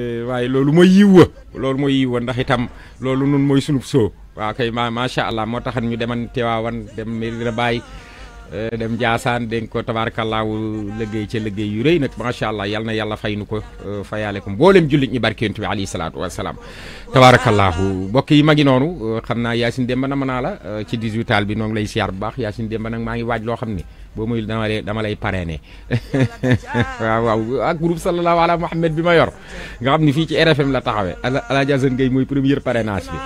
Eh, waaye loolu mooy yiw loolu mooy yiw wa itam loolu nun mooy sunub soo waaw kay ma macha allah moo taxan ñu deman Tiwaawan dem Medina Baay eh, dem Jaasaan dañ ko tabaarakallaahu liggéey ca liggéey yu rëy nag macha allah yal na yàlla fay nu ko eh, fayaale ko mboolem jullit ñi barke yonent bi alayhi salaatu wasalaam tabaarakallaahu mbokk yi ma ngi noonu xam naa Yacine Demba na mën naa la ci 18 taal bi noo ngi lay siyaar bu baax Yacine Demba nag maa ngi waaj loo xam ni boo muy dama lay dama lay parrainé waaw waaw ak groupe sallallahu ala Muhammad bi yor nga xam ni ci RFM la taxawee Alaaji Assane Gueye mooy première parrainage bi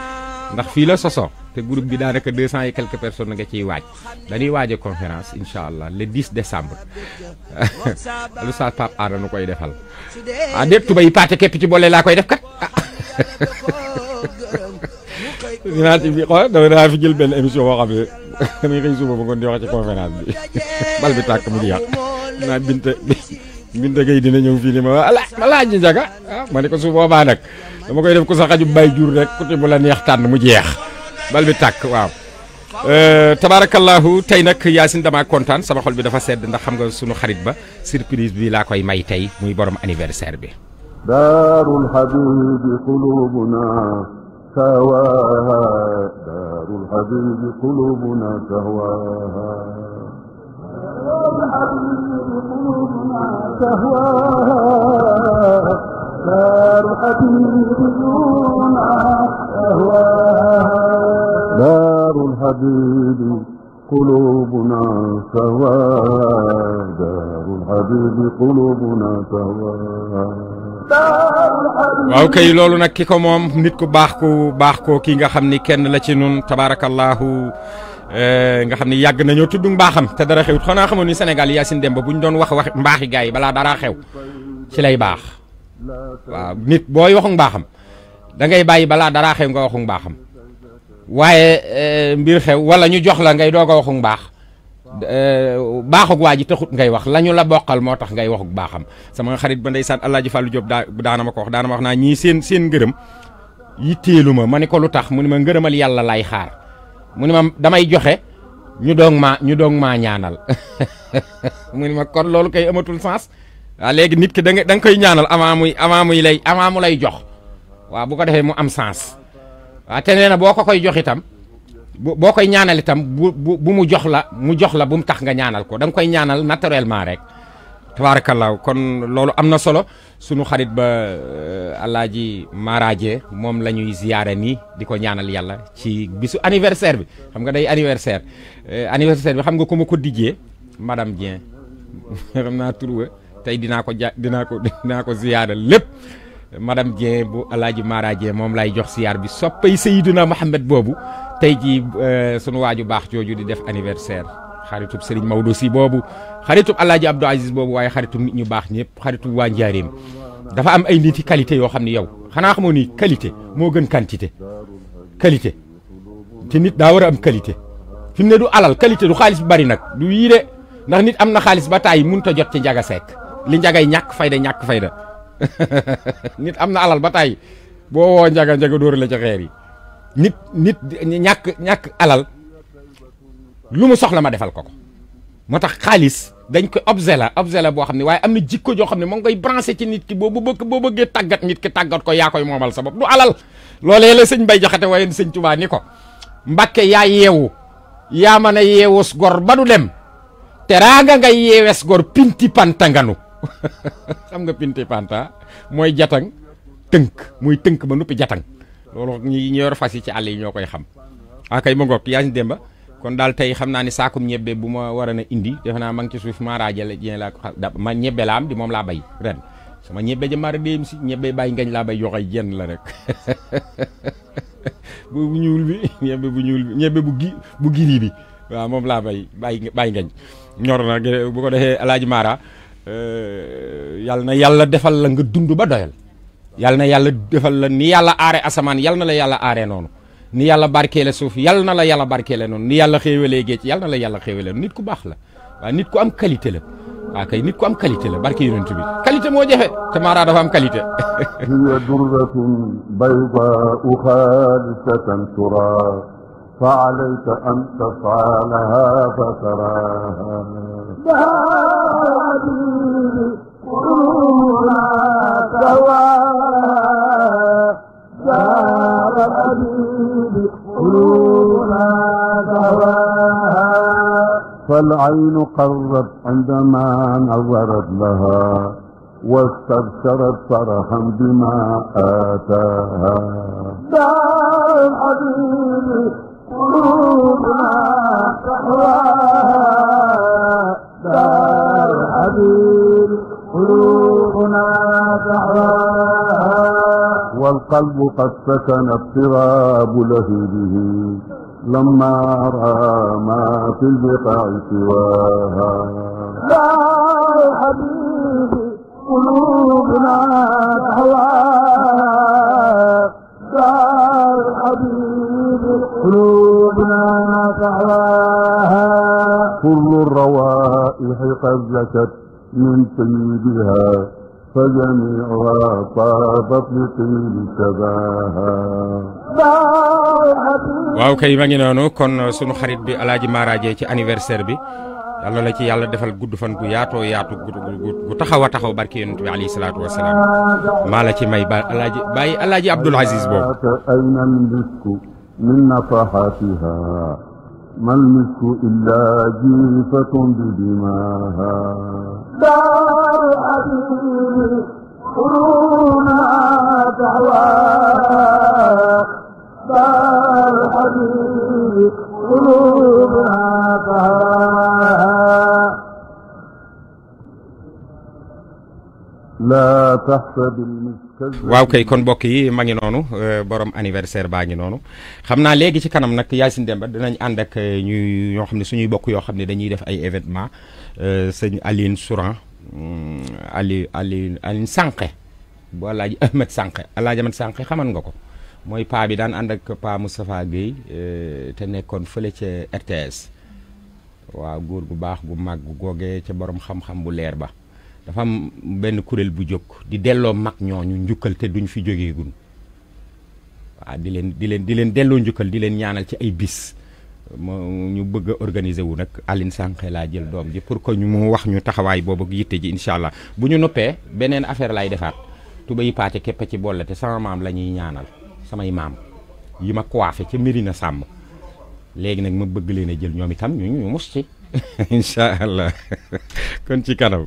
ndax fii la soso te groupe bi daanaka deux cent et quelques personnes nga ciy waaj dañuy waaje conférence inshallah le 10 décembre lu sa Pape Aada nu koy defal ah déet tubay paate képp ci boole laa koy def kat dinaa ci bi xool dama fi jël benn émission boo xam ne damay xëy suba ba ngoon di wax ci conférence bi bal bi tàkk mu di yàq naa Binta Binta Gueye dina ñëw fii ma ala ma laaj ñu njaga ah, ma ne ko su boobaa nag dama koy def ku sa xaju bay jur rek ku te neex tànn mu jeex bal bi takk waaw. Euh, tabaarakallaahu tey nag Yacine damaa kontaan sama xol bi dafa sedd ndax xam nga sunu xarit ba surprise bi laa koy may tey muy borom anniversaire bi. daarul habibi سواها دار الحبيب قلوبنا سواها سهواها دار الحبيب قلوبنا سواها دار الحبيب قلوبنا سواها دار الحبيب قلوبنا سواها waaw kay loolu nag ki ko moom nit ku baax ko baax koo kii nga xam ni kenn la ci nun tabaarakallaahu eh, nga xam ni yàgg nañoo tudd baaxam te dara xewut xanaa xamoon ni Sénégal Yacine Demba bu ñu doon wax wax mbaaxi gars yi balaa dara xew ci lay baax nit booy waxu mbaaxam dangay ngay bàyyi balaa dara xew nga waxu mbaaxam waaye eh, mbir xew wala ñu jox la ngay doog a waxu baax baaxug waa ji taxut ngay wax lañu la bokkal moo tax ngay waxuk baaxam sama xarit ba ndeysaan Alaaji Fàllu Jóob daa daana ma ko wax daana naa ñii seen seen ngërëm yitteelu ma ma ni ko lu tax mu ni ma ngërëmal yàlla lay xaar mu ni ma damay joxe ñu doog maa ñu doog maa ñaanal mu ni ma kon loolu kay amatul sens waaw léegi nit ki da nga koy ñaanal avant muy avant muy lay avant mu lay jox waaw bu ko defee mu am sens waaw te nee boo ko koy jox boo koy ñaanal itam bu bu mu jox la mu jox la bu mu tax nga ñaanal ko da nga koy ñaanal naturellement rek tabaarakallaahu kon loolu am na solo sunu xarit ba euh, alaaji maaraaje moom la ñuy ziyaare nii di ko ñaanal yàlla ci bisu anniversaire bi xam nga day anniversaire euh, anniversaire bi xam nga ko ma ko dijjee madame Dieng xam naa turwa tey dinaa ko ja dinaa ko dinaa ko ziyaare lépp madame Dieng bu alaaji maaraaje moom lay jox ziyaar bi soppay Seydina Mohamed boobu tey jii sunu waaju baax jooju di def anniversaire xaritub Serigne Maodo si boobu xaritub El Hadj Abdou Aziz boobu waaye xaritub nit ñu baax ñëpp xaritub waa Njaareem dafa am ay nit yi qualité yoo xam ne yow xanaa xamoo ni qualité moo gën quantité qualité te nit daa war a am qualité fi mu ne du alal qualité du xaalis bu bari nag du yii de ndax nit am na xaalis ba taay mënut a jot ci njaga seek li njagay ñàkk fayda ñàkk fayda nit am na alal ba taay boo woo njaga njaga dóor la ca xeer yi. nit nit ñak ñak alal lu mu soxla ma defal ko motax khalis dañ ko objet la objet la boo xam jikko jo xamni mo moo ngi ci nit ki bu bëgg bo bëggee tagat nit ki tagat ko ya koy momal sabab du alal lolé la sëñ bay jaxate waaye sëñ tubaa ni ko mbakke yaa yeewu yaa mën a yeewus gor ba du dem teraanga nga yeewes gor pinti panta nganu xam nga pinti panta moy jatang teunk moy teunk ba nupi jatang loolu ñi ñu yor fas yi ci àll yi ñoo koy xam akay ah, ma ngoog Yacine Demba kon daal tey xam naa ñebbe indi defe naa ma ngi ci suuf maaraajal jeen laa ma ñebbe laa am di mom laa bay ren sama ñebbe ja maara déem si ñebbe bàyyi ngañ laa bay yoxay jenn la rek bu bu ñuul bi ñebbe bu ñuul bi ñebbe bu gi bu giri bi waaw mom laa bay bàyyi bàyyi ngañ ñor na bu ko defee alaaji maara euh, yàlla na yàlla defal la nga dund ba doyal يالنا يالا ديفال لا ني يالا اري اسمان يالنا لا يالا اري نونو ني يالا باركي لا يالنا لا يالا باركي لا ني يالا خيويلي گيت يالنا لا يالا خيويلي نيت كو باخ لا ام كاليتي لا وا كاي ام كاليتي لا باركي يونت بي كاليتي مو جيفه تمارا دا فام كاليتي دورتكم بيضا اخالصه ترى فعليك ان تفعلها فتراها كلنا سواء دار الحبيب كلنا سواء فالعين قرت عندما نظرت لها واستبشرت فرحا بما آتاها دار حبيبي قلوبنا تحواها دار حبيبي والقلب قد سكن اضطراب لهيبه لما رأى ما في البقاع سواها لا يا حبيبي قلوبنا تحواها لا يا حبيبي قلوبنا تحواها كل الروائح قد زكت من طيبها فجميعها طابت لطيب سباها waaw kay ma kon uh, sunu xarit bi alaaji maaraaje ci anniversaire bi yàlla la ci yàlla defal gudd fan gu yaatoo yaatu gu taxaw taxaw barki bi alayhi salaatu wa salaam maa la ci may ba alaaji bàyyi alaaji Abdul Aziz boobu ayna al misku min nafaxatiha mal misku illa jifatun دار حبيبي قرونا دعوى دار حبيبي قلوبنا دعوى لا تحسب المسلم waaw kay kon mbokk yi ma ngi noonu euh, borom anniversaire baa ngi noonu xam naa léegi ci kanam nag Yacine Demba dinañ ànd ak euh, ñuy ñoo xam ne suñuy bokk yoo xam ne dañuy def ay événement euh, sëñ Aline Souran mm, Ali Ali Aline Sànqe bu Alaaji Ahmed Sànqe Alaaji Ahmed Sànqe xaman nga ko mooy paa bi daan ànd ak paa Moustapha Guèye te nekkoon fële ca RTS waaw góor gu baax gu màgg googee ca borom xam-xam bu leer ba dafa am benn kuréel bu jóg di delloo mag ñooñu njukkal te duñ fi jógee gun waaw di leen di leen di leen delloo njukkal di leen ñaanal ci ay bis ñu bëgg a wu nag Aline Sànqe laa jël doom ji pour que ñu mu wax ñu taxawaay boobu yitte ji incha allah bu ñu noppee beneen affaire laay defaat tubayi paate képp ci boole te sama maam la ñuy ñaanal samay maam yi ma coiffé ca Mérina Sàmm léegi nag ma bëgg leen a jël ñoom itam ñu ñu mus ci incha allah kon ci kanam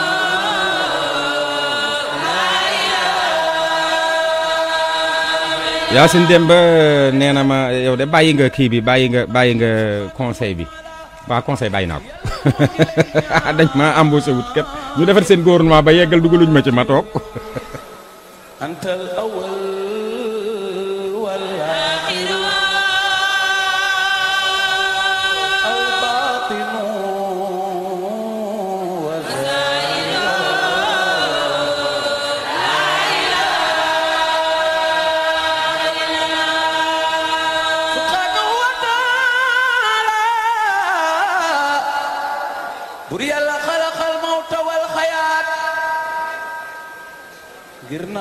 Yacine Demba nee na ma yow de bàyyi nga kii bi bàyyi nga bàyyi nga conseil bi waa conseil bàyyi naa ko dañ ma embauché wut kat ñu defar seen gouvernement ba yeggal dugaluñ ma ci ma toog.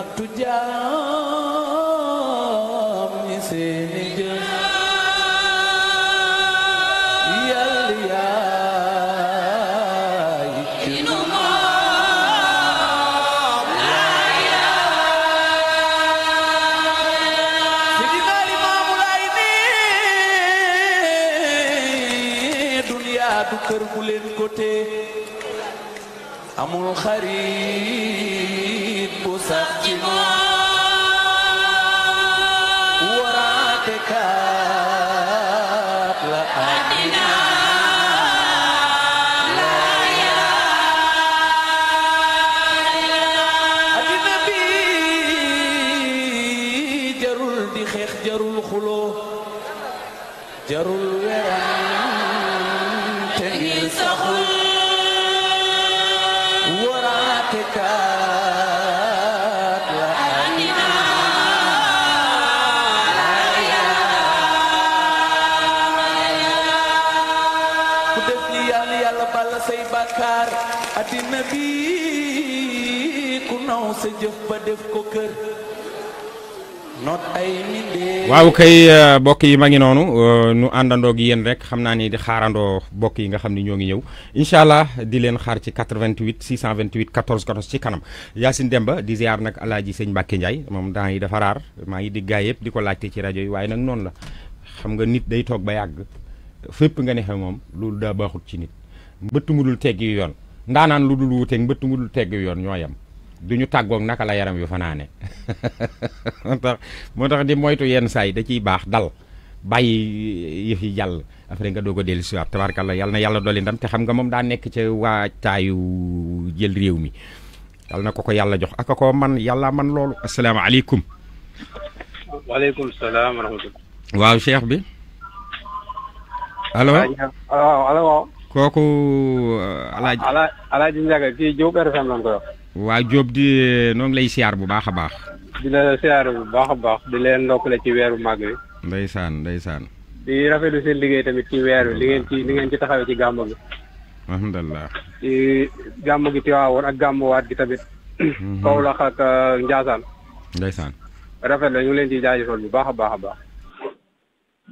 nattu jaam ñi seeni jëf yàlla yaay ci nu moom laa yaay ci dinaari maamu laay nii duniyaa du kër bu leen ko tee amul xarit bu sax jarul werante ngir saxul waraate kaat la àddina ku def li yàlla yàlla bala say bàkkaar àddina bi ku naw sa jëf ba def ko kër waaw kay euh, mbokk yi ma ngi noonu euh, nu àndandoo ak yéen rek xam naa ni di xaarandoo mbokk yi nga xam ni ñoo ngi ñëw incha allah di leen xaar ci 88 628 14 14 ci kanam Yacine Demba di ziar nag alaaj sëñ Mbacke Ndiaye moom temps yi dafa raar maa ngi di gaay yëpp di ko laajte ci rajo yi waaye nag noonu la xam nga nit day toog ba yàgg fépp nga ne xam moom loolu daa baaxut ci nit mbëtt mu dul teg yu yoon ndaanaan lu dul wuuteeg mbëtt mu dul teg yu yoon ñoo yam du ñu tàggoog naka la yaram yu fanaane moo tax di moytu yenn saay da ciy baax dal bàyyi yëf yi jàll après nga doog a dellu siwaat tabaarkalla yal na yàlla dolli ndam te xam nga moom daa nekk ca waajtaayu jël réew mi yal na ko ko yàlla jox ak ko man yàlla man loolu asalaamaaleykum waaleykum salaam wa rahmatulah waaw cheikh bi allo ah, kooku euh, alaaji alaaji Ndiaga kii Jóob RFM lañ ko wax waa jóob di eh, noo lay siyaar bu baax a baax. di la siyaar bu baax a baax di leen ndokkale ci weeru màgg wi. ndeysaan bi rafet lu seen liggéey tamit ci weer wi li ngeen ci li ngeen ci taxawee ci gàmmu gi. alhamdulilah. ci gàmmu gi Tiwaawoon ak gi tamit. Mhm. Kaolack ak uh, Ndiassane. ndeysaan. rafet la ñu leen ciy jaajëfal bu baax a baax a baax.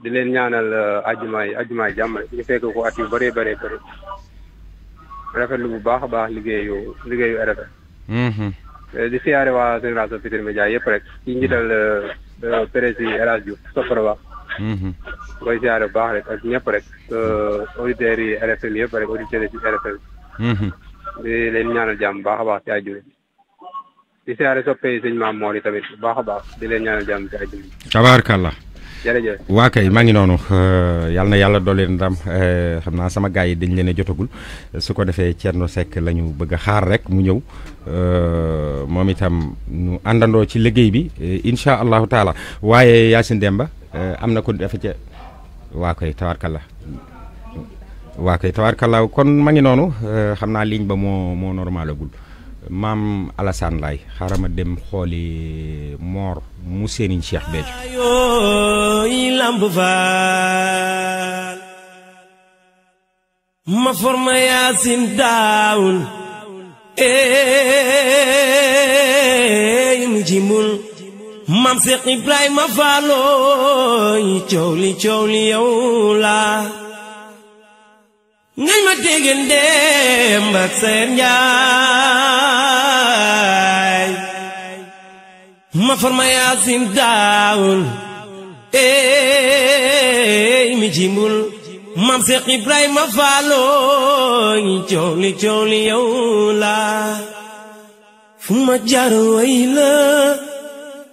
di leen ñaanal uh, ajuma yi ajuma yi jàmm rek ñu fekk ko at yu bëree bëree bëri. rafetlu bu baax a baax liggéeyu liggéeyu RFM. Mm-hmm. Eh, di siyaare waa génération Futurs Médias yëpp rek ci njiital président El Hadj Diouf Sopra Ba koy siyaare bu baax rek ak ñëpp rek auditeurs yi RFM yëpp rek auditeurs yi RFM di leen ñaanal jàmm baax a baax ci àjjuma di siyaare soppe yi sëñ Maam Moor yi tamit baax a baax di leen ñaanal jàmm ci àjjuma tabaarkalla jërëjëf waa kay maa ngi noonu yal na yàlla doole ndam xam naa sama gars yi dañ leen a jotagul su ko defee Thierno Seck la ñu bëgg a xaar rek mu ñëw moom itam ñu àndandoo ci liggéey bi incha allahu taala waaye Yacine Demba am na ko dafa ca waa koy tawarkalla waa koy tawarkalla kon ma ngi noonu xam naa ligne ba moo moo normalagul maam Alassane Laye xaaral ma dem xooli Mor mu Serigne Cheikh Béthio ma forma yaasin daawul eey mu jimbul mam Seex Ibrahima faalooy coow li coow li yow laa ngay ma dégg ndéem ba seen ma farma yaasin daawul eey mi jimbul maam Seex Ibrahima Faaloo ñi coow li la fu ma jar way la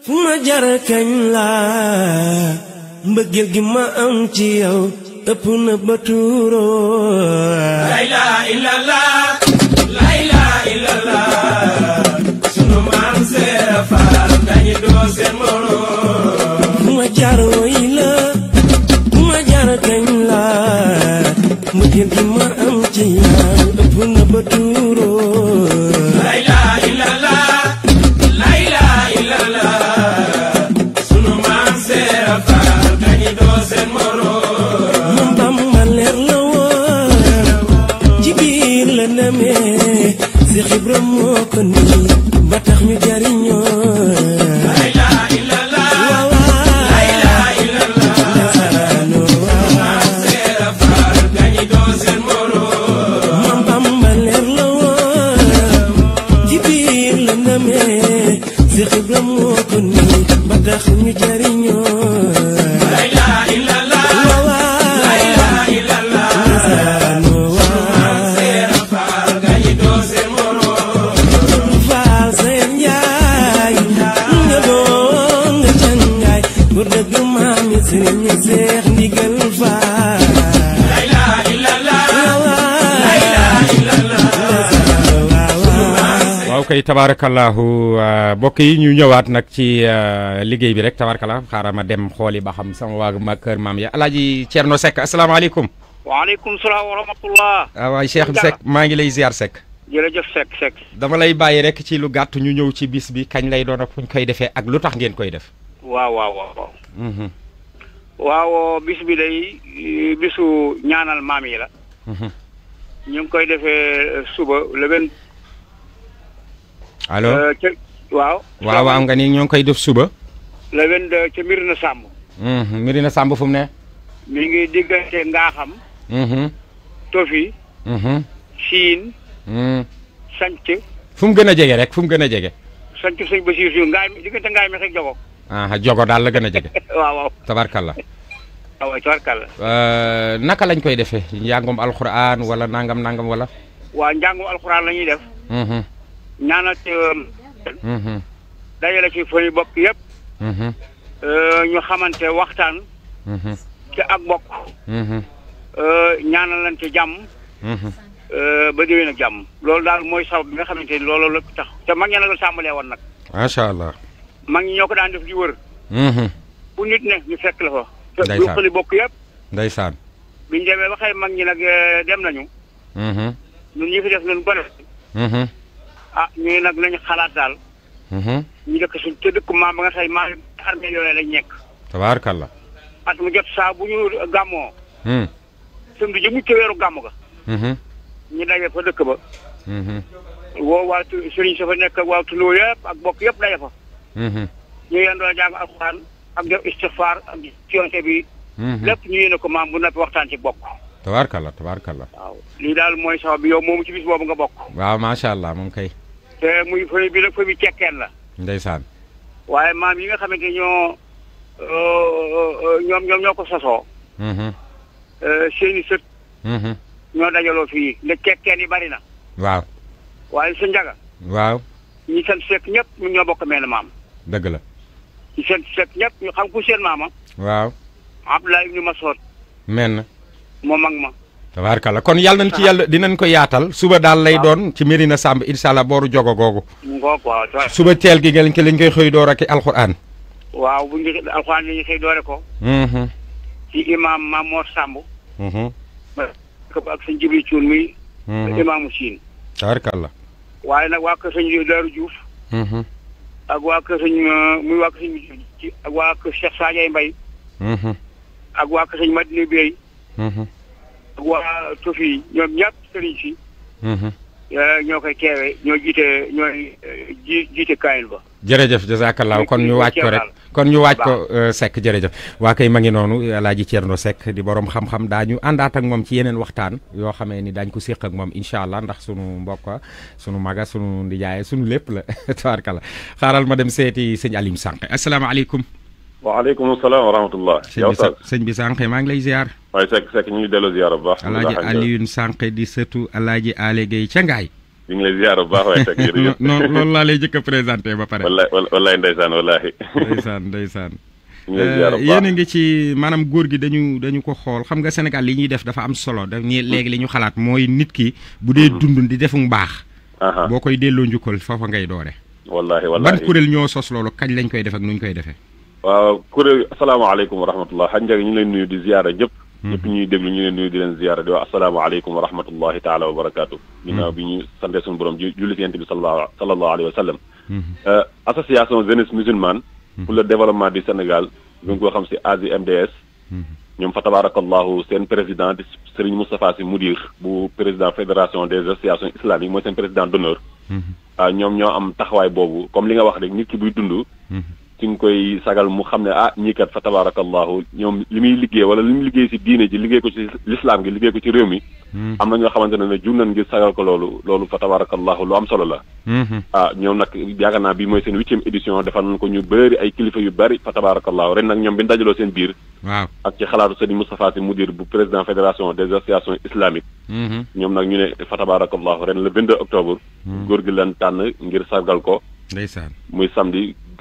fu ma jar kañ la mbëggeel gi ma am ci yow ëpp na ba tuuroo la ilaha illallah la sunu maam Seex Faal ñi doo seen moroom ma jaar woy la ma jaar kañ la mbëggeel gi ma am ci tabaarakallaahu euh, mbokk yi ñu ñëwaat nag ci euh, liggéey bi rek tabaarakallaahu xaaral ma dem xooli ba xam sama waa ma kër maam ya alaaji Thierno Seck asalaamaaleykum. waaleykum salaam wa rahmatullah. Ah, waaw Cheikh Seck maa ngi lay ziar Seck. jërëjëf Seck Seck. dama lay bàyyi rek ci lu gàtt ñu ñëw ci bis bi kañ lay doon ak fu koy defee ak lu tax ngeen koy def. waaw waaw waaw. waaw mhm. bis bi day bisu ñaanal maam yi la. Mhm. ñu koy defee suba le allo euh, waaw. waaw waaw nga ni ñoo ngi koy def suba. le 22 ca Mirina Samb. Mhm, Mirina Samb fu mu ne. mi ngi diggante Ngaaxam. Mhm. Tofi. Mhm. Siin. Sanc. fu mu gën a jege rek fu mu gën a jege. Sanc sëñ Basiir si ngaay mi diggante ngaay mi xëy jogo. ah jogo daal la gën a jege. waaw waaw tabarkalla. Euh, naka lañ koy defee njàngum alxuraan wala nangam nangam wala. waa njàngum alxuraan la def. ñaanal mm-hmm. ci. dajale ci fëy bopp yëpp. Mm-hmm. Euh, ñu xamante waxtaan. Mm-hmm. ci ak bokk. Euh, ñaanalante jàmm. Euh, ba déwén ak jàmm. loolu daal mooy sabab bi nga xamante ni loolu la tax te mag ña nag la sàmbalee woon nag. macha allah. mag ñi ñoo ko daan def di wër. bu nit ne ñu fekk la fa. ndeysaan te luqali bokk yëpp. ndeysaan. biñ demee ba xëy mag ñi nag dem nañu. ñun ñi fi def ñun bëri. ah ñooñu nag nañu xalaat daal. Mhm. ñu dëkk suñ te dëkk maam ba nga say maam armée yooyu lañ nekk. tabaarkalla. at mu jot saa bu ñu gàmmoo. Hmm. sëñ bi jëm ci gàmm ga. Mhm. ñu daje fa dëkk ba. Mhm. woo waa sëriñ nekk ak waa ak bokk yëpp daje fa. ñu yendoo jàng alxuraan ak def istifaar bi. lépp ñu yéene ko maam bu noppi waxtaan ci bokk. tabaarkalla tabaarkalla. waaw lii daal mooy sabab bi yow moom ci bis boobu nga bokk. waaw macha allah moom kay. te muy famille bi nag famille cekkeen la. ndeysaan. waaye maam yi nga xamante ñoo euh, ñoom ñoom ñoo ko sosoo. Mm-hmm. Euh, seeni sët. Mm-hmm. ñoo dajaloo fii ne cekkeen yi bari na. waaw. waaye sa njaga. waaw. ñi sant sekk ñëpp ñoo bokk mel maam. dëgg la. ñi sant sekk ñëpp ñu xam ku seen maama. waaw. Abdoulaye ibnu Masood. men na. moom ak ma. tabaarkalla kon yàlla nañ ci yàlla dinañ ko yaatal suba daal lay doon ci Médina Samb incha booru jogo googu. suba teel gi ngeen ki lañ koy xëy door ak alxuraan. waaw bu ñu alxuraan lañu xëy doore ko. Mm-hmm. ci imaam Mamor Samb. Mm-hmm. ak sëñ mm-hmm. imaamu Siin. tabaarkalla. waaye nag waa kër sëñ Daaru Diouf. ak waa kër sëñ uh, muy waa kër sëñ ak waa kër Cheikh Sadio Mbaye. ak waa kër sëñ Madina Bey. waa tufi ñoom ñàpp sëriñ si mhm. eh, ñoo koy teewe ñoo jiite ñooy eh, jiite kaayil ba jërëjëf jazakallah kon ñu waaj ko rek kon ñu waaj ko euh, Seck jërëjëf waa kay ma ngi noonu Alaaji noo sekk di borom xam-xam daañu àndaat ak moom ci yeneen waxtaan yoo xamee ni daañ ko séq ak moom incha allah ndax sunu mbokk sunu maga sunu ndijaaye sunu lépp la tabarkala xaaral ma dem seeti sëñ Alim Sànq asalaamaaleykum waaleykum salaam wa rahmatullah sëñ bi sànq maa ngi lay ziar waaye sekk sekk ñu ngi delloo ziyaara bu baax. alaaji Alioune Sànq di sëtu alaaji Aale Gueye ca Ngaay. bu baax waaye sekk jërëjëf. non loolu laa lay jëkk a ba pare. wallaay wallaay ndeysaan wallaahi. ndeysaan ndeysaan. ñu ngi eh, a ngi ci maanaam góor gi dañu dañu ko xool xam nga Sénégal li ñuy def dafa am solo da ñii léegi li ñu xalaat mooy nit ki. bu dee mm-hmm. dund di defu baax boo koy delloo njukkal foofa ngay doore. wallaahi wallaahi ban kuréel ñoo sos loolu kañ lañ koy def ak nuñ koy defe waaw kuréel asalaamaaleykum wa rahmatullah xaj njëg ñëpp ñëpp ñuy déglu ñu leen nuyu di leen ziyaara di wax asalaamaaleykum wa rahmatullahi taala wa barakaatu. ginnaaw bi ñu sante suñu borom ji julli si yonent bi sallallahu sallallahu alayhi wa sallam. association jeunesse musulmane. pour le développement du Sénégal bi nga ko xam si AJMDS. ñoom fa tabaarakallahu seen président di Serigne Moustapha Sy Moudir bu président fédération des associations islamiques mooy seen président d'honneur. ñoom ñoo am taxawaay boobu comme li nga wax rek nit ki buy dund. ki nga koy sagal mu xam ne ah ñii kat fa tabarakallahu ñoom li muy liggéey wala li muy liggéey si diine ji liggéey ko ci lislaam gi liggéey ko ci réew mi. Hmm. am na ñoo xamante ne ne ngir sagal ko loolu loolu fa tabarakallahu lu am solo la. Hmm. ah ñoom nag yaakaar naa bii mooy seen huitième édition defal nañ ko ñu bëri ay kilifa yu bëri fa tabarakallahu ren nag ñoom bi ñu seen biir. waaw ak ci xalaatu sëriñ Moustapha Sy mudir bu président fédération des associations islamiques. Hmm. ñoom nag ñu ne fa tabarakallahu ren le gi leen tànn ngir sargal ko. ndeysaan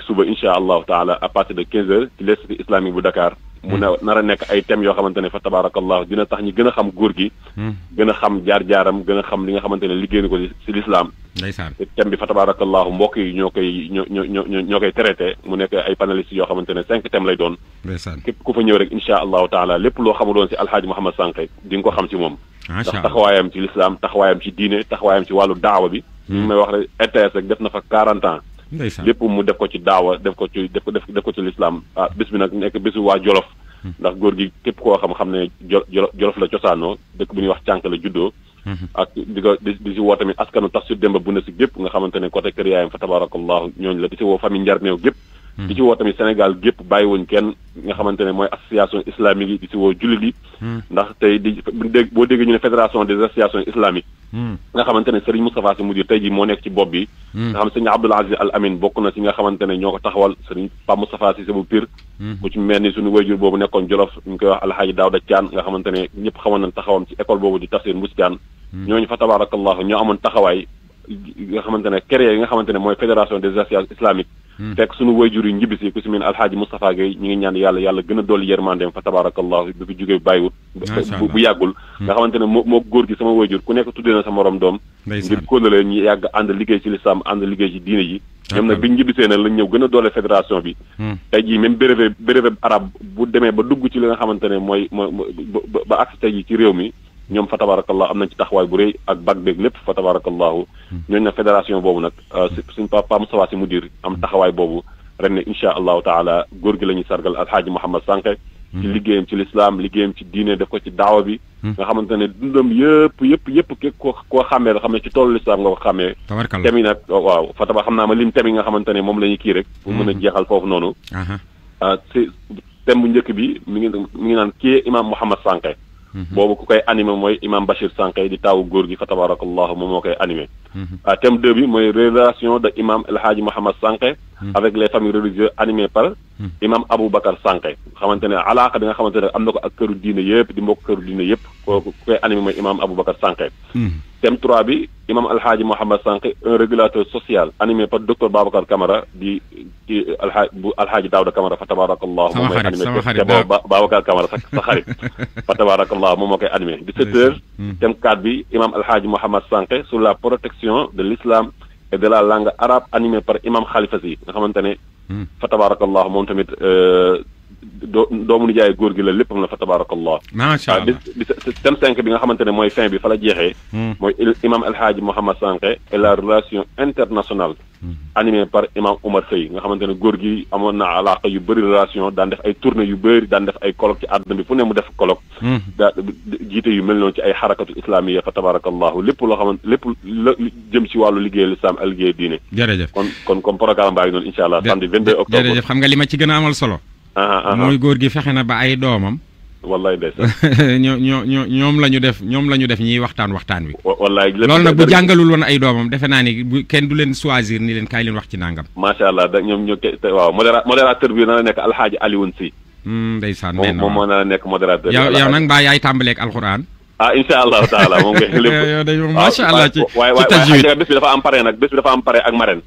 suba incha allahu taala à partir de 15 heures ci l'Institut islamique bu Dakar. mu ne nar a nekk ay thèmes yoo xamante fa tabaarakallahu dina tax ñi gën a xam góor gi. Hmm. gën a xam jaar-jaaram gën a xam li nga xamante ne liggéey na ko si lislaam. ndeysaan bi fa tabaarakallahu mbokk ñoo koy ñoo ñoo ñoo koy traité mu nekk ay panélistes yoo xamante ne cinq thèmes lay doon. képp ku fa ñëw rek incha allahu taala lépp loo xamuloon si alxaaji Mouhamed Sànqe di nga ko xam ci lislaam taxawaayam ci diine taxawaayam ci wàllu daawa bi. ñu hmm. may na fa 40 lépp mu def ko ci daawa def ko ci def def ko ci lislaam ah bis bi nag nekk bisu waa jolof hmm. ndax góor gi képp koo xam xam ne jolof la cosaanoo dëkk bu ñuy wax cànk la juddoo hmm. ak di ko di si woo tamit askanu tax su démba bu na si gépp nga xamante ne côté kër yaayam fa tabarakallahu ñooñ la di si woo famille njarmeew gépp li hmm. ci woo tamit Sénégal gépp bàyyi wuñ kenn nga xamante ne mooy association islamique yi di si woo jullit yi hmm. ndax tey boo déggee ñu ne fédération des associations islamiques hmm. nga xamante ne Serigne Moustapha Sy tey ji moo nekk ci bopp bi nga xam Serigne Abdoul Aziz Al Amin bokk na si nga xamante ne ñoo ko taxawal Serigne Pape Moustapha Cissé bu Pire ku ci mel ni suñu wayjur boobu nekkoon Jolof ñu koy wax Alxaaji Daawda Caan nga xamante ne ñëpp xamoon nañ taxawam ci école boobu di tafsir Mbuscaan ñooñu fa tabarakallahu ñoo amoon taxawaay nga xamante ne yi nga xamante ne mooy fédération des associations islamiques hmm. fekk suñu wayjur yi njibisi ku si mel alxaaji Moustapha Gueye ñu ngi ñaan yàlla yàlla gën a dolli yërmandeem fa tabaarakallahu bi fi jógee bàyyiwut bu yàggul hmm. nga xamante ne moo moo góor gi sama wayjur ku nekk tuddee na sa morom doom ngir kóllale ñu yàgg ànd liggéey ci lislaam ànd liggéey ci diine ji ñoom nag bi ñu njibisee na lañ a doole fédération bi hmm. tey jii même brevet ne mooy mooy ba accès tey réew mi ñoom fa tabarakallah am nañ ci taxawaay bu rëy ak bag beeg lépp fa tabarakallahu hmm. ñooñu nag fédération boobu nag euh, suñ pa Pa Moustapha Sy mudir am hmm. taxawaay boobu ren ne insha allahu taala góor gi la ñuy sargal alxaaji Mouhamad Sànke hmm. ci liggéeyam ci lislaam liggéeyam ci diine def ko ci daawa bi nga xamante ne dundam yëpp yëpp yëpp képp ko koo xàmmee la xam ne ci toolu lislaam nga ko xàmmee temi nag waaw fa taba xam naa ma lim temi nga xamante ne moom la ñuy kii rek pour mën a jeexal foofu noonu euh, thème bu njëkk bi mi ngi mi ngi naan kii imaam Mouhamad Sànke Mhm. boobu ku koy animé mooy imam Bachir Sankey di taawu góor gi fa tabarakallahu moom moo koy animé. Mhm. Ah, thème 2 bi mooy relation de imam El Hadj Mouhamad Hmm. avec les familles religieuses animées par hmm. imam Aboubacar Sànqe xamante ne alaaka bi nga xamante ne am na ko ak këru diine yëpp di mbokk këru diine yëpp kooku ku animé mooy imam Aboubacar Sànqe hmm. thème 3 bi imam alhaaji Mouhamad Sànqe un régulateur social animé par docteur Babacar Camara di ci alhaaj bu alhaaji Daouda Camara fa tabarakallahu moom mooy animé animé 17 heures thème 4 bi imam alhaaji Mouhamad Sànqe sur la protection de l'islam et de la langue arabe animée par imam Khalifa Zi nga xamante ne. fa tabarakallahu moom tamit. doo doomu nijaay góor gi la léppam la fa tabaarakallah. macha ah, allah waaw bis bis thème cinq bi nga xamante ne mooy fin bi fa la jeexee. Hmm. mooy imam El Hadj Mouhamed Sanke et la relation internationale. Hmm. animé par imam Oumar Seye nga xamante góor gi amoon na alaaka yu bëri relation daan def ay tournée yu bëri daan def ay colloque ci àdduna bi fu ne mu def colloque. Hmm. jiite yu mel noonu ci ay xarakatul islamiya fa tabaarakallahu lépp loo xamante lépp la jëm ci wàllu liggéey lislaam ak liggéey diine. muy góor gi fexe na ba ay doomam. wallaay ndeysaan ñoo ñoo la ñu def ñoom la ñu def ñiy waxtaan waxtaan wi. wallaay loolu nag bu jàngalul ay doomam defe naa ni bu kenn du leen choisir ni leen kaay leen wax ci nangam. macha allah da ñoom ñoo waaw modérateur bi na la nekk Alxaaji Alioune Si. ndeysaan nee na moom moo na nekk modérateur. yow yow nag mbaa yaay tàmbaleeg alxuraan. ah incha allahu taala moom nga lépp. yow dañu macha ci ci waaye waaye bés bi dafa am pare nag bés bi dafa am pare ak marraine.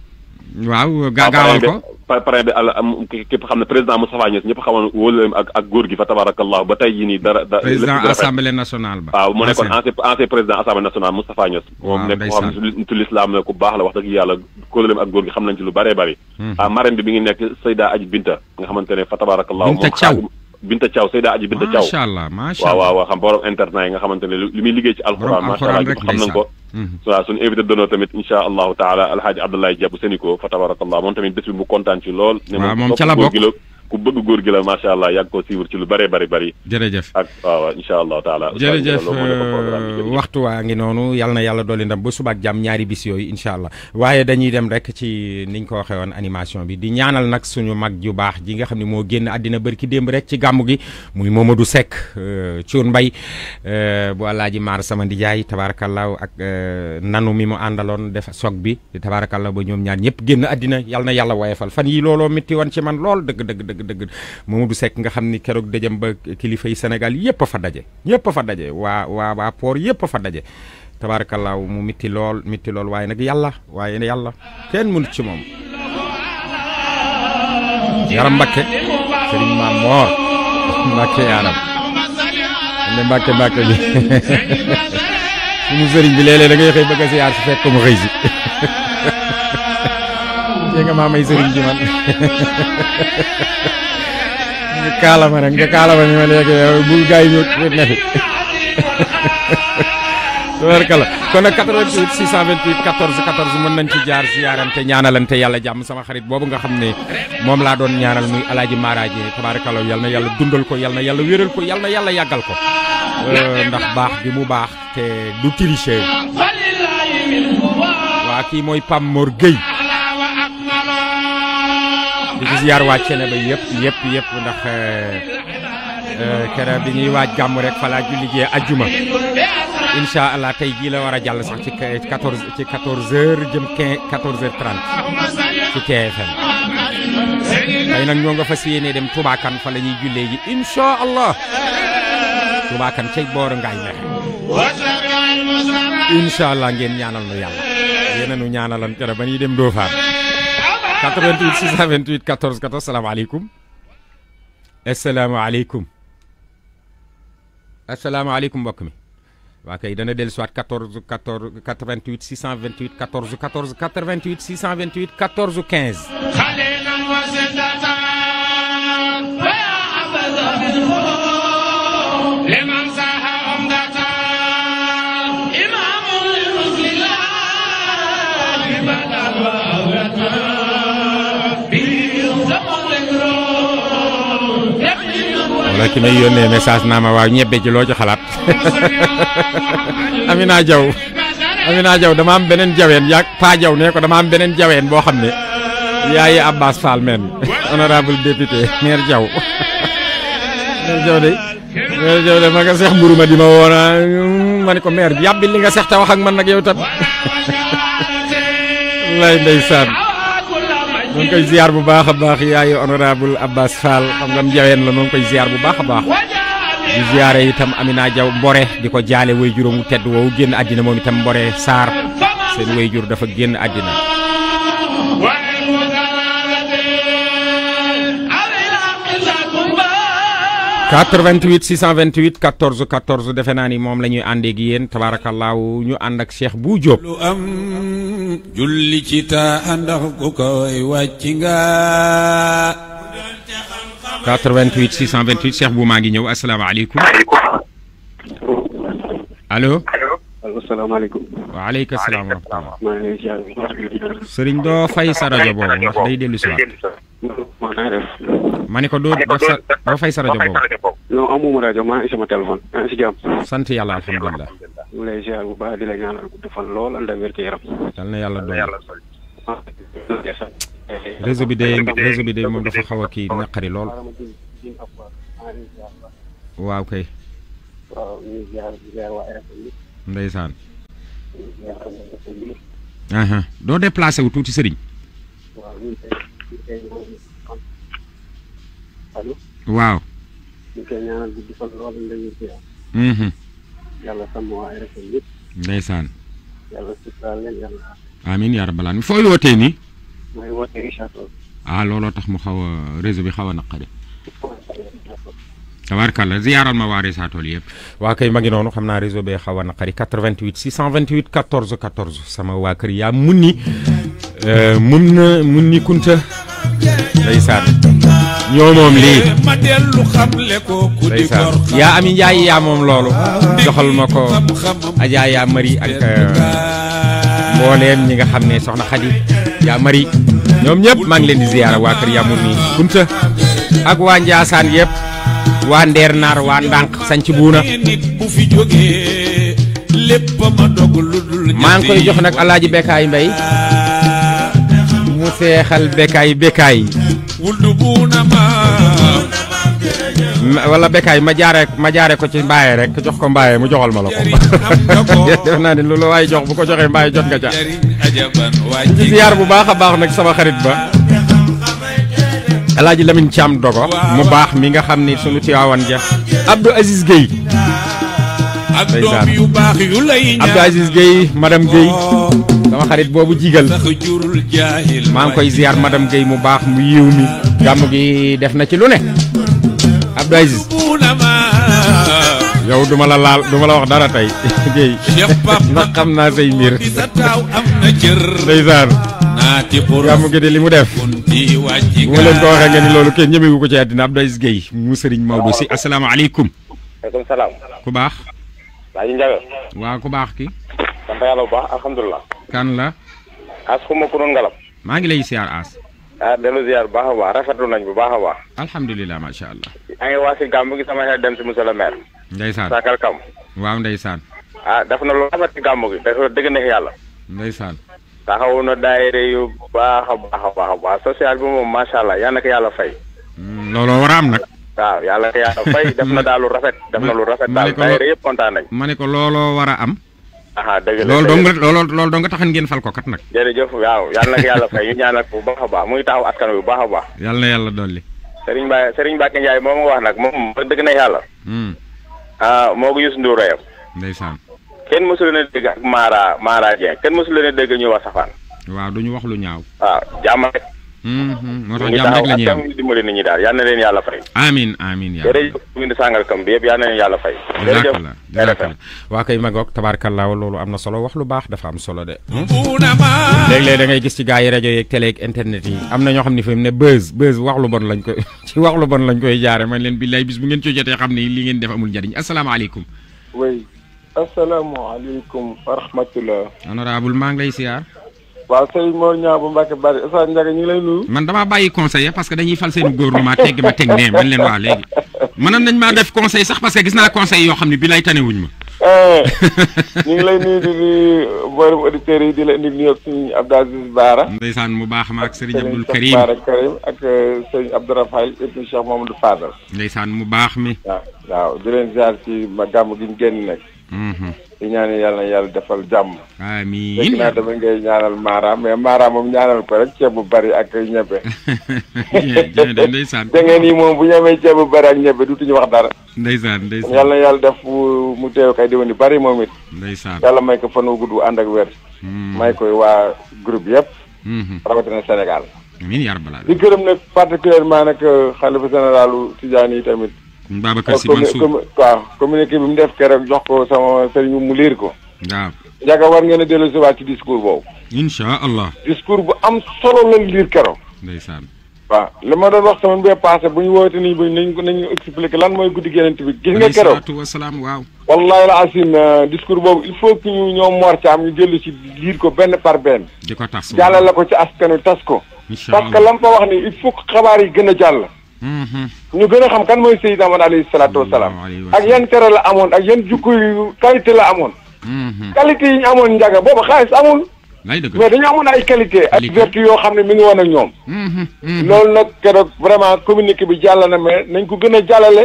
waaw ah, gaawal ko parrain bi al képp xam ne président Moustapha Niass ñëpp xamoon wóolu ak ak góor gi fa tabarakallah ba tey yi nii dara da président assemblée nationale ba waaw mu nekkoon ancien ancien président assemblée nationale Moustapha Niass moom nekk koo xam ne tu l'islam ne ku baax la wax dëgg yàlla kóolóoleem ak góor gi xam nañ ci lu bëree bëri hmm. ah marraine bi bi ngi nekk Seyda Aji Binta nga xamante ne fa tabarakallah moom Binta Thiaw Seyda Aji Binta Thiaw macha allah macha allah waaw waaw xam borom internat yi nga xamante ne li muy liggéey ci alxuraan macha allah xam nañ ko waaw mhm. suñu invité d'honneur tamit incha allahu taala alhaaji Abdoulaye Dia bu Sénico fa tabarakallah moom tamit bés bi mu kontaan ci lool ku bëgg góor gi la macha allah yàgg ko suivre ci lu bëree bëri bëri. Euh, waxtu waa ngi noonu yal na yàlla dolli ndam ba suba jam ñaari bis yooyu incha allah waaye dañuy dem rek ci niñ ko waxee woon animation bi di ñaanal nag suñu mag ju baax ji nga xam ne moo génn àddina bër ki démb rek ci gàmm gi muy Momadou sekk euh, Thion Mbaye euh, bu Alaaji Maar sama ndijaay tabaarakallaaw ak nanu mi mu àndaloon def soog bi tabaarakallaaw ba ñoom ñaar ñëpp génn àddina yal dëgg dëgg sekk nga xam ni keroog dajam ba kilifa yi Sénégal a fa daje yëpp a fa daje waa waa waa port a fa daje tabaarakallaahu mu mitti lool mitti lool waaye nag yàlla waaye yàlla kenn mënut ci moom yaram Mbacke sëriñ maam moor Mbacke yaram ne Mbacke Mbacke bi sëriñ bi léeg-léeg da ngay xëy bëgg si fekk mu xëy si எங்க மாமை சிரிக்குமன் కాలమని ఇంకా కాలమని భూమికాయ చూట్టుకున్నది tubarkala kon nag 88 628 14 14 mën nañ ci jaar ziarante ñaanalante yàlla jàmm sama xarit boobu nga xam ne moom doon ñaanal muy alaaji maaraaji tabarakalaw yal na dundal ko kok. na yàlla ko yal na yàlla ko eh, ndax baax bi mu baax te du triché waa kii moy pam mor di ci ziar waa Ceneba yëpp yëpp yëpp ndax kera bi ñuy waaj jàmm rek fa laa julli jee ajjuma allah tey jii la war a sax ci 14 ci 14 heures jëm 15 14 heures 30 ci TFM tey nag ñoo nga fas dem Touba Kane fa la ñuy jullee ji allah Touba Kane cay booru ngaay mexe incha allah ngeen ñaanal nu yàlla yéen a nu ba ñuy dem Ndofane 88 14 14 السلام عليكم السلام عليكم السلام عليكم mbokk mi waa kay dana 14 14 88 628 14 14 88 628 14 15 خلينا ويا لما la ki may yónnee message naa ma waaw ñebbe ci loo ci xalaat Amina Jaw naa Jaw dama am beneen jaween yaa Pa Jaw nee ko dama am beneen jaween boo xam ne yaayi Abbas Fall men honorable député maire Jaw maire Jaw de ma nga seex mburu ma di ma woona ah, ma ne ko maire yàbbi li nga seex te wax ak man nag yow tam lay ndeysaan ñoo ngi koy ziar bu baax a baax yaayu honorable Abbas Fall xam nga njaween la ñoo ngi koy ziar bu baax a baax di ziare itam ami naa Diaw Mbore di ko jaale way juróom wu tedd woowu génn àddina moom itam Mbore Sarr seen way jur dafa génn àddina 88 628 14 14 defe naa ni moom la ñuy àndee ak yéen tabaarakallaahu ñu ànd ak Cheikh Bou Diop. lu am julli ci taa àndax ku koy wàcc nga. 88 628 Cheikh Bou maa ngi ñëw asalaamaaleykum. allo. allo salaamaaleykum. waaleykum salaam wa rahmatulah. maa ngi lay ziar. sëriñ doo fay sa rajo boobu ndax day dellu si waat. ma ne ko doo def sa doo fay sa rajo boobu. non amuma rajo a ngi sama téléphone. maa ngi si jàmm. sant yàlla alhamdulilah. mu lay ziar bu baax di la yàlla doon réseau bi day réseau bi day moom dafa xaw a kii naqari lool. waaw kay. waaw ñu ziar ziar waa RFM bi. ndeysaan. wu tuuti sëriñ. waaw. ñu koy ñaanal guddi fan lool lañu koy mhm. yàlla fooy wootee nii. mooy wootee ah looloo tax mu xaw a réseau bi xaw a naqari. tabaarkàlla ziyaaral ma waa Richard Toll yëpp. waa kay ma xam naa réseau bee xaw a naqari 88 628 14 14 sama waa kër yaa mun ni euh, mun na mun ni kunta ndeysaan. ñoo moom ya, Amin ami ya yaa moom loolu joxal aja ya mari ak euh, mbooleem ñi nga xam ne soxna xadi yaa mari ñoom ñëpp maa ngi leen di ziyaara waa kër yaa moom mi kunta ak waa njaasaan yëpp waa bekai naar waa ndànk sanc buuna ngi koy jox mbay mu wul duguna ma wala bekkaay ma jaare ma jaare ko ci mbaaye rek jox ko mbaaye mu joxal ma la ko def naa ni loolu waaye jox bu ko joxee mbaaye jot nga ca ci ziyaar bu baax a baax nag sama xarit ba alaaji Lamine Thiam dogo mu baax mi nga xam ni sunu Tiwaawan ja Abdou Aziz Gueye ak doom yu baax yu sama xarit boobu jigal maa ngi koy ziar madame Guèye mu baax mu yiw mi gàmm gi def na ci lu ne Abdou Aziz yow duma la laal duma la wax dara tey Guèye ndax xam naa say mbir ndeysaan gàmm gi de li mu def bu ma leen ko waxee ngeen ni loolu kenn ñemewu ko ci àddina Abdou Aziz Guèye mu sëriñ Maodo si asalaamaaleykum aleykum ku baax waa bu baax alhamdulilah kan la. as xuma ku doon ngalam. maa ngi lay ziar as. ah dellu ziar bu baax a nañ bu baax a baax. alhamdulilah macha allah. yaa ngi wax si gàmm gi sama xel dem si monsieur le maire. ndeysaan Sakal Kam. waaw ndeysaan. ah def na lu rafet si gàmm gi dafa dëgg neex yàlla. na daayira yu baax a a baax a baax social bi moom macha allah yal na ko yàlla fay. Hmm, looloo war a am nag. waaw yàlla ko yàlla fay def na daal lu rafet. def na lu rafet daal daayira yëpp kontaan nañ. ma ne ko looloo war a am. ah dëgg la loolu dong loolu loolu dong taxan ngeen fal ko kat nag. jërëjëf waaw yal na yàlla fay ñu ñaanal ko bu baax a baax muy taxaw askan wi baax a baax. yal na yàlla dolli. Serigne Mbaye Serigne Mbacke Ndiaye moom wax nag dëgg na yàlla. Hmm. ah moo ko Youssou Ndour reyam. ndeysaan. kenn mësu leen a dégg ak maaraa Mara Dieng kenn mësu leen a dégg ñuy wax safaan. waaw du ñu wax lu ñaaw. waaw ah, jàmm Mm-hmm. moo tax jàmm rek la ñuy am ñu daal yàlla yàlla jërëjëf commune de Sangalkam bi yëpp yal na leen yàlla fay. jërëjëf jërëjëf waa kay magoog tabaarkallaa loolu am na solo wax lu baax dafa am solo de. Mm-hmm. léeg-léeg da gis ci gars yi rajo yeeg télé yeeg internet yi am na ñoo xam ne fi mu ne buzz buzz wax lu bon lañ koy ci wax lu bon lañ koy jaare man leen billaay bis bu ngeen ci jotee xam ne li ngeen def amul njariñ asalaamaaleykum. oui asalaamaaleykum wa rahmatulah. honorable maa ngi lay siyaar waaw sëñ Mor ñaaw bu Mbacke bari Oustaz Ndiaga ñu lay nuyu. man damaa bàyyi conseil parce que dañuy fal seen gouvernement tegg ma teg man leen waaw léegi mënoon nañ maa def conseil sax parce que gis naa conseil yoo xam ne bi lay tanewuñ ma. Eh, ñu lay nuyu di di mboolem auditeurs di la indi nuyu ak suñu Abdou Aziz Baara. ndeysaan mu baax ma ak Serigne Abdoul Karim ak Karim ak sëñ Abdou Rafaay ibn Cheikh Mamadou Fadal. ndeysaan mu baax mi. waaw waaw di leen ziar ci ma gàmm gi di ñaan yàlla na yàlla defal jàmm. amiin fekk naa dama ngay ñaanal Mara mais Mara moom ñaanal ko rek ceeb bu bari ak ñebe. ndeysaan da ngeen ni moom bu ñu amee ceeb bu bari ak ñebe dutuñu wax dara. ndeysaan ndeysaan yàlla na yàlla def mu teew kay diwoon yu bari moom it. ndeysaan yàlla may ko fan wu gudd ànd ak wér. Hmm. may koy waa groupe yëpp. Hmm. rawatina Sénégal. amiin yaa rabbal di gërëm nag particulièrement nag euh, xalifa généralu Tidiane yi tamit. Babacar Sy Mansour waaw communiqué bi mu def keroog jox ko sama sëriñ mu liir ko. waaw Ndiaga war ngeen a dellu si waat ci discours boobu. incha allah. discours bu am solo la liir keroog. ndeysaan. waaw li ma doon wax semaine bee passé bu ñu wootee nii bu nañ nañu expliqué lan mooy guddi génant bi gis nga keroog salaatu wasalaam waaw wallaahi la asim euh, discours boobu il faut que ñu ñoom Mor Thiam ñu jëllu ci liir ko benn par benn di ko tas jàllale ko ci askanu tas ko parce que lam fa wax ni il faut xabaar yi gën a jàll ñu gën a xam kan mooy Seydina Muhammad alayhi salaatu wasalaam mm-hmm. ak yan kero la amoon ak yan jukku yu qualité la amoon mm-hmm. qualité yi ñu amoon njaga boobu xaalis amul mais dañu amoon ay qualité ak vertu yoo xam ne mi ngi woon ak ñoom mm-hmm. loolu nag keroog vraiment communiqué bi jàll na mais nañ ko gën a jàllale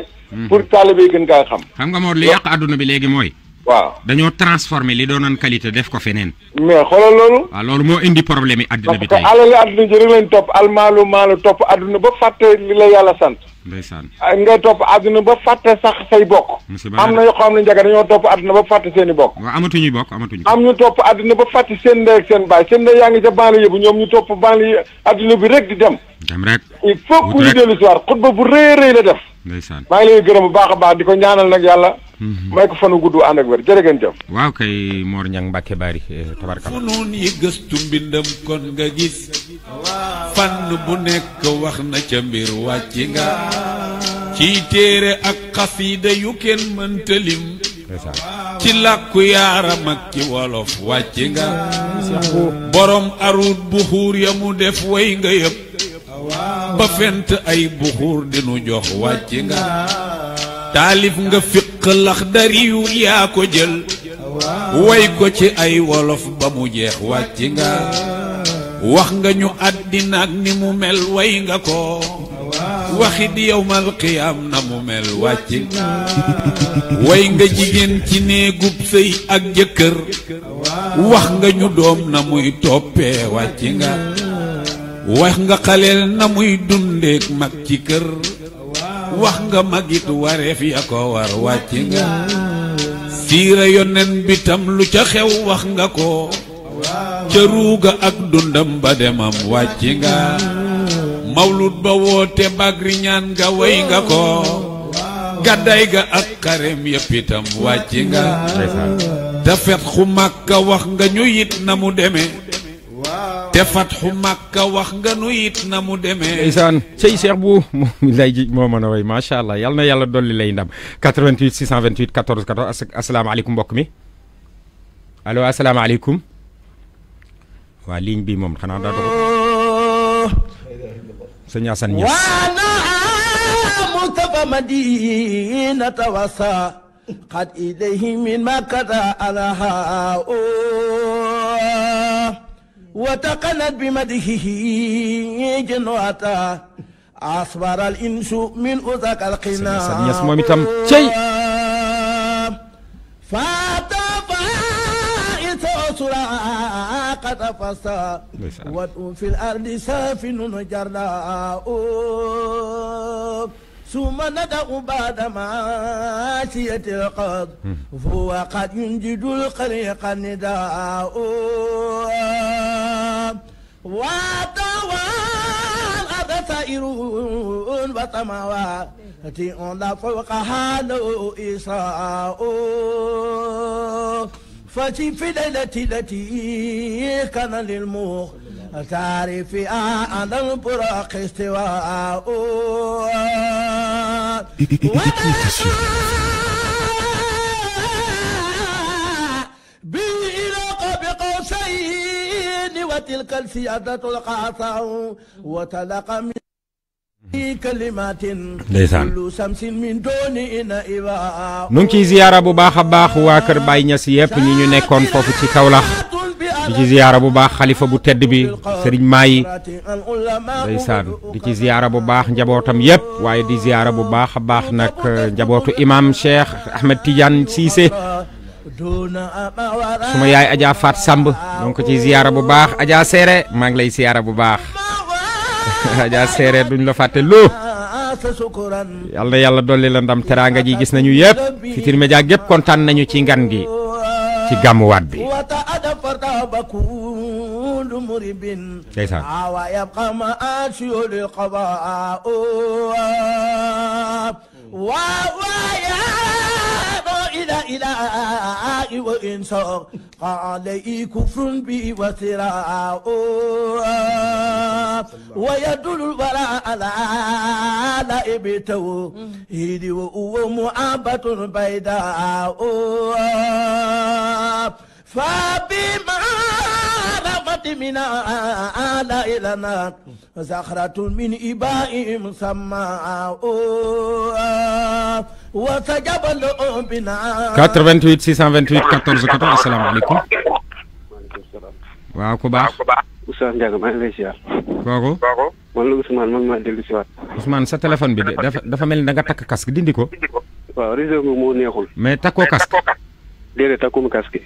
pour taalibe yi gën kaa xam xam nga moor li yàq adduna bi léegi mooy waaw dañoo transformer li doonoon qualité def ko feneen. mais xoolal loolu. waaw loolu moo indi problème i àdduna bi tey alali àdduna ji rek lañ topp almaalu maalu topp àdduna ba fàtte li la yàlla sant. ndeysaan nga topp àdduna ba fàtte sax say bokk. am na yoo xam ne njaga dañoo topp àdduna ba fàtte seen i bokk. waaw amatuñu bokk amatuñu. am ñu topp àdduna ba fàtte seen ndey ak seen baay seen ndey yaa ngi ca banlieue bu ñoom ñu topp banlieue àdduna bi rek di dem. dem rek il faut que ñu dellu si waat xutba bu rëy rëy la def. ndeysaan ngi lay gërëm bu baax a baax di ko ñaanal nag yàlla Mhm. may ko fanu gudd ànd ak wér jërë ngeen jëf. waaw kay Mor Niang fu noon yi gëstu kon nga gis. fànn bu nekk wax na ca mbir wàcc nga. ciy téere ak xasida yu kenn mënta ci làkku yaaram ak ci wolof wàcc nga. borom arut buxuur ya mu def way nga yëpp. ba fent ay buxuur dinu jox wàcc nga taalif nga fiq laxdariyu yaa ko jël way ko ci ay wolof ba mu jeex wàcc nga wax nga ñu àddina ak ni mu mel way nga ko waxit yowmal qiyaam na mu mel wàcc nga way nga jigéen ci néegub sëy ak jëkkër wax nga ñu doom na muy toppee wàcc nga wax nga xaleel na muy dundeek mag ci kër wax nga magitu waré fi ko war wàcc nga siira yonen bitam lu ca xew wax nga ko ca ak dundam ba demam wàcc nga mawlud ba wote bagri ñaan nga way nga ko gaday ga ak karem yëpp itam nga fet wax nga ñu na mu te fatxu màkka wax nga nu it na mu demee. ndeysaan sëy Cheikh bu moom mi lay ji moo mën a way macha allah yal na yàlla dolli lay ndam 88 628 14 14 asalaamaaleykum mbokk mi allo asalaamaaleykum waa ligne bi moom xanaa daa doon sëñ Assane Niass. مصطفى مدينة وسا قد إليه من مكة على هؤلاء وتقنت بمدحه جنواتا أصبر الإنس من أذك القناة فاتفا إتوسرا قد فسا وفي الأرض سافن جرلا ثم ندع بعد ما سيت القض فهو قد ينجد القريق النداء وطوى الأرض سائر وطموى تئن فوقها لو إسراء في ليلة التي كان للمخ تعرفي على البراق استواء وتلك السيادة القاطع وتلقى من ndeysaan nu ngi ciy ziyaara bu baax a baax waa kër Baye ñas yëpp ñu ñu nekkoon foofu ci kawlax di ci ziyaara bu baax xalifa bu tedd bi sëriñ Maayi di ci ziyaara bu baax njabootam yëpp waaye di ziyaara bu baax a baax nag euh, njabootu imam Cheikh Ahmed Tidiane Cissé suma yaay Adja Fat Samb ñoo ko ciy ziyaara bu baax ajaa Seere maa ngi lay ziyaara bu baax Adja séeréer duñ la fàtte loo yal na yàlla dolli la ndam teraanga ji gis nañu yëpp Futurs Médias gépp kontaan nañu ci ngan gi ci gàmmuwaat bi. ndeysaan. إلى إله وإنسان قال كفر بي وثراء ويدل الورى على لائب توحيد وهو معبة بيداء فبما رغت من آلاء لنا زخرة من إباء مسمى وسجب لؤمنا 88 628 14 14 asalaamaaleykum. waaw ku baax. Oustaz Ndiaga maa ngi lay ziar. kooku. man la Ousmane man maa dellu si waat. Ousmane sa téléphone bi de dafa dafa mel ni da nga takk casque dindi ko. waaw réseau bi moo neexul. mais takkoo casque. déedéet takkuma casque.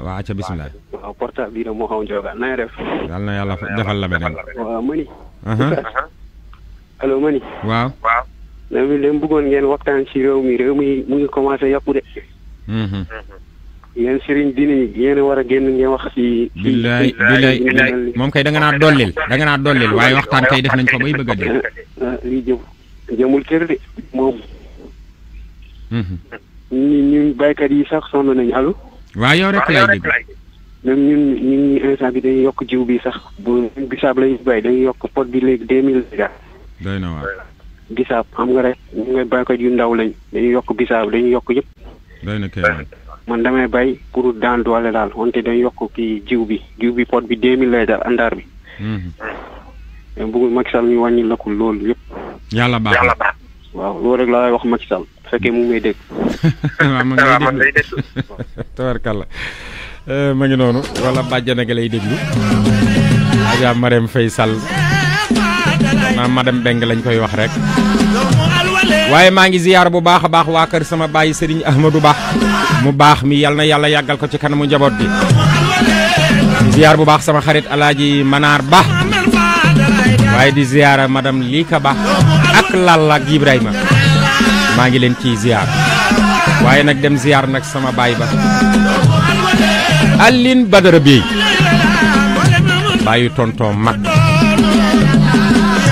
waa acca bisimilah waaw porta bi nag moo xaw njooga na def yal na yàlla defal la beneen waaw mani allo mani waaw dama leen bëggoon ngeen waxtaan ci réew mi réew mi mu ngi commencé de dini yéen war a ngeen wax ci billaay billaay moom kay da nga naa dollil da nga naa dollil waaye waxtaan kay def nañ ko bay bëgg a li jëm jëmul kër de baykat yi sax nañ allo waaw yow rek lay dégg ñun ñun ñun ñi instant bi dañuy yokk jiw bi sax bu bisaab lañuy bay dañuy yokk pot bi léegi deux mille lay doy bisaab xam nga rek ñu ngay baykat yu ndaw lañ dañuy yokk bisaab dañuy yokk yëpp doy na kay man damay bay pour daan doole daal wante dañuy yokk kii jiw bi jiw bi pot bi deux mille lay daal andaar bi mais mhm. bëggul Macky Sall ñu wàññi lakkul loolu yëpp yàlla baax waaw loolu rek laay wax Macky fekkee mu ngi may dégg. waaw man man lay dégg tabarkàlla ma ngi noonu wala bàjjana gi lay déglu. Adja Marème Faye Sall. madame Beng lañ koy wax rek. waaye maa ngi ziyaar bu baax a baax waa kër sama bàyyi Serigne Ahmadou Ba mu baax mi yal na yàlla yàggal ko ci kanamu njaboot bi. ziyaar bu baax sama xarit alaaji manar Ba. waaye di ziyaara madame Lika Ba ak Lalla ak Ibrahima. maa ngi leen ciy ziar waaye nag dem ziar nag sama baay ba Alioune Badara Bèye baayu tonton mag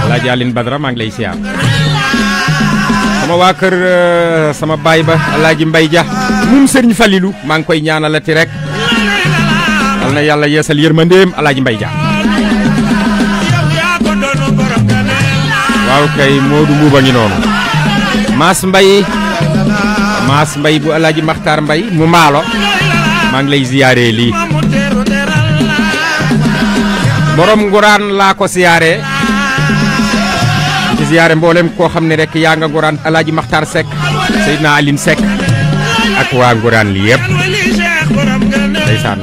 Alaaji Alioune Badara maa ngi lay ziar sama waa kër euh, sama baay ba Alaaji Mbay Ja moom Sëriñ Falilu maa ngi koy ñaanalati rek yal na yàlla yeesal yërmandeem Alaaji Mbay Ja waaw kay Moodu Mbuuba ngi noonu Mass mbay Mass mbay bu El Hadj mbay mu maalo maa ngi lay ziyaare lii borom nguraan laa ko siyaare ci siyaare mboolem koo xam ne rek yaa nga nguraan El Hadj Makhtar Seck Seydina Aline Seck ak waa nguraan li yëpp ndeysaan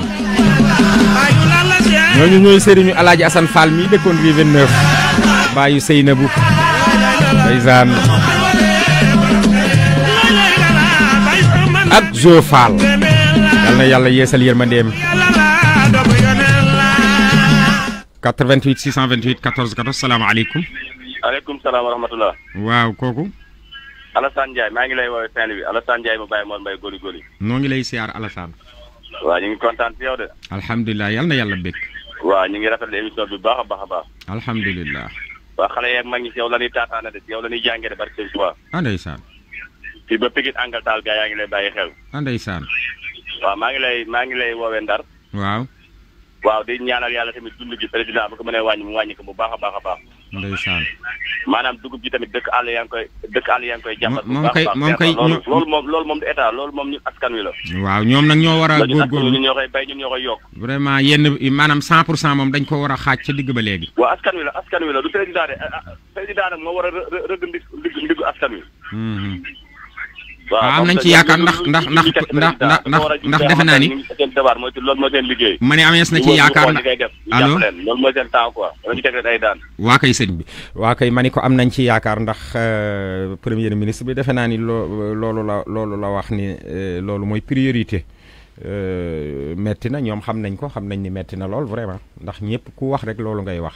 ñooñu ñooy sëriñu El Hadj Assane Fall mi dëkkoon rue 29 baayu Seynabou ndeysaan ak Zofal yal na yàlla yeesal yërmandeem 88 628 14 14 salaamaaleykum. aleykum salaam wa rahmatulah. waaw kooku. Alassane Ndiaye maa ngi lay woowee Saint-Louis Alassane Ndiaye mu bàyyi moon mbay góoli góoli. noo ngi lay siyaar Alassane. waaw ñu ngi kontaan si yow de. alhamdulilah yal na yàlla bég. waaw ñu ngi rafetlu émission bi bu baax a baax a baax. alhamdulilah. waa xale yeeg mag ñi si yow la ñuy taataane de si yow la ñuy jàngee de barke Sëñ Tuubaa. ah ndeysaan. fi ba pigit angal taal gaay yaa ngi lay bàyyi xel. Ah, ndeysaan. wa ma ngi lay ma ngi lay wowe ndar. waaw. waaw di ñaanal yalla tamit dund gi president bu ko mëne wañu mu wàññi ko bu baaxa baaxa baax a baax. ndeysaan. maanaam dugub ji tamit dekk àll yang koy dekk àll yang koy jàmbat bu baax a baax lool mom lool mom du état lool mom ñu askan wi la waaw ñom nak ñoo wara a góorgóorlu ñu ñoo koy bay ñu ñoo koy yokk vraiment yenn manam 100% mom dañ ko wara xaj ci digg ba léegi wa askan wi la askan wi la du président de ah, ah, président nag moo war a rëgg ndig ndig askan wi hmm waaw am nañ ci yaakaar ndax ndax ndax ndax ndax ndax defe naa ni. loolu mooy seen liggéey. ma ne amees na ci yaakaar na allo loolu mooy seen temps quoi loolu ñu teg ay daan. waa kay sëñ bi waa kay ma ni ko am nañ ci yaakaar ndax euh, premier ministre bi defe naa ni loo loolu la loolu la wax ni euh, loolu mooy priorité. Euh, metti na ñoom xam nañ ko xam nañ ni metti na lool vraiment ndax ñëpp ku wax rek loolu ngay wax.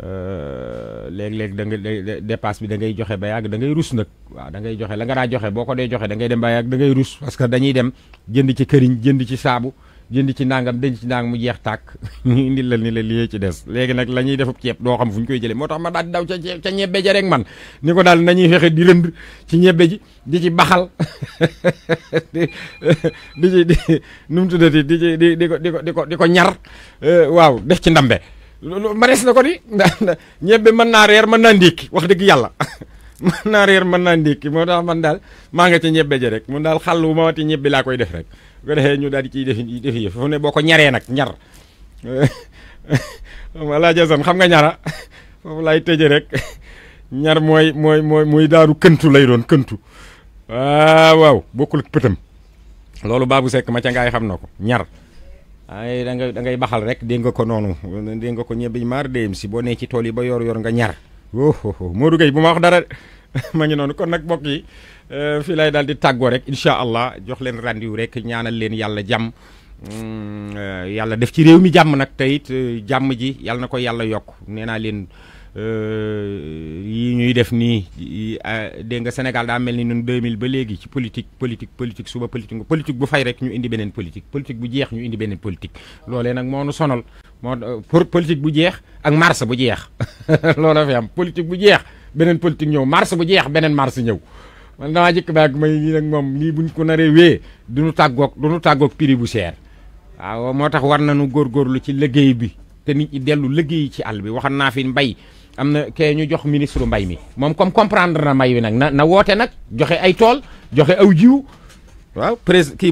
Euh, léeg-léeg da nga dépasse bi dangay ngay joxe ba yàgg da ngay rus nag waaw da ngay joxe la nga daa joxe boo ko dee joxe da dem ba yàgg da ngay rus parce que dañuy dem jënd ci këriñ jënd ci saabu jëndi ci nangam denc ci nangam mu jeex tàkk ñu indil la ni la lii ci des léegi nag la ñuy defub ceeb doo xam fu ñu koy jëlee moo tax ma daal di daw ca ca ñebbe ja rek man ni ko daal nañuy fexe di rënd ci ñebbe ji di ci baxal di di ci di nu mu tuddati di ci di di ko di ko di ko ñar euh, waaw def ci nambe manees na ko di ndax ñebbe mën naa reer man naa ndékki wax dëgg yàlla mën naa reer man naa ndékki moo tax man daal maa nga ci ñebbe rek mun ma wati ñebbe laa koy def rek bu ko ñu def fu ko ñar wala jason xam nga ñara ah? foofu laay tëje rek ñar moy mooy mooy mooy daaru këntu lay doon këntu waaw waaw bokkul pëtam loolu baabu ma ca xam ay da dangay da baxal rek dégg nga ko noonu dégg nga ko ñebe maar déem si boo nee ci tool yi ba yor yor nga ñaar oh, oh oh Modou bu ma wax dara ma ngi noonu kon nag mbokk yi euh, fii lay daal di tàggoo rek incha allah jox leen rendez-vous rek ñaanal leen yàlla jàmm mm, euh, yàlla def ci réew mi jàmm nag te it euh, jàmm ji yàlla na ko yàlla yokk nee naa leen. yi euh, ñuy def nii dégg nga Sénégal daa mel ni ñun 2000 ba léegi ci politique politique politique suba politique politique bu fay rek ñu indi beneen politique politique bu jeex ñu indi beneen politique. loolee nag moo nu sonal moo pour politique bu jeex ak mars bu jeex looloo fi am politique bu jeex beneen politique ñëw mars bu jeex beneen mars ñëw. man damaa jëkk baag may nii nag moom lii buñ ko naree wee du nu tàggoog du nu tàggoog prix bu seer waaw moo tax war nañu góorgóorlu ci liggéey bi te ñi dellu liggéey ci àll bi waxan naa fi mbay. am na kay ñu jox ministre mbay mi moom comme comprendre na mbay mi nag na na woote nag joxe ay tool joxe aw jiw waaw président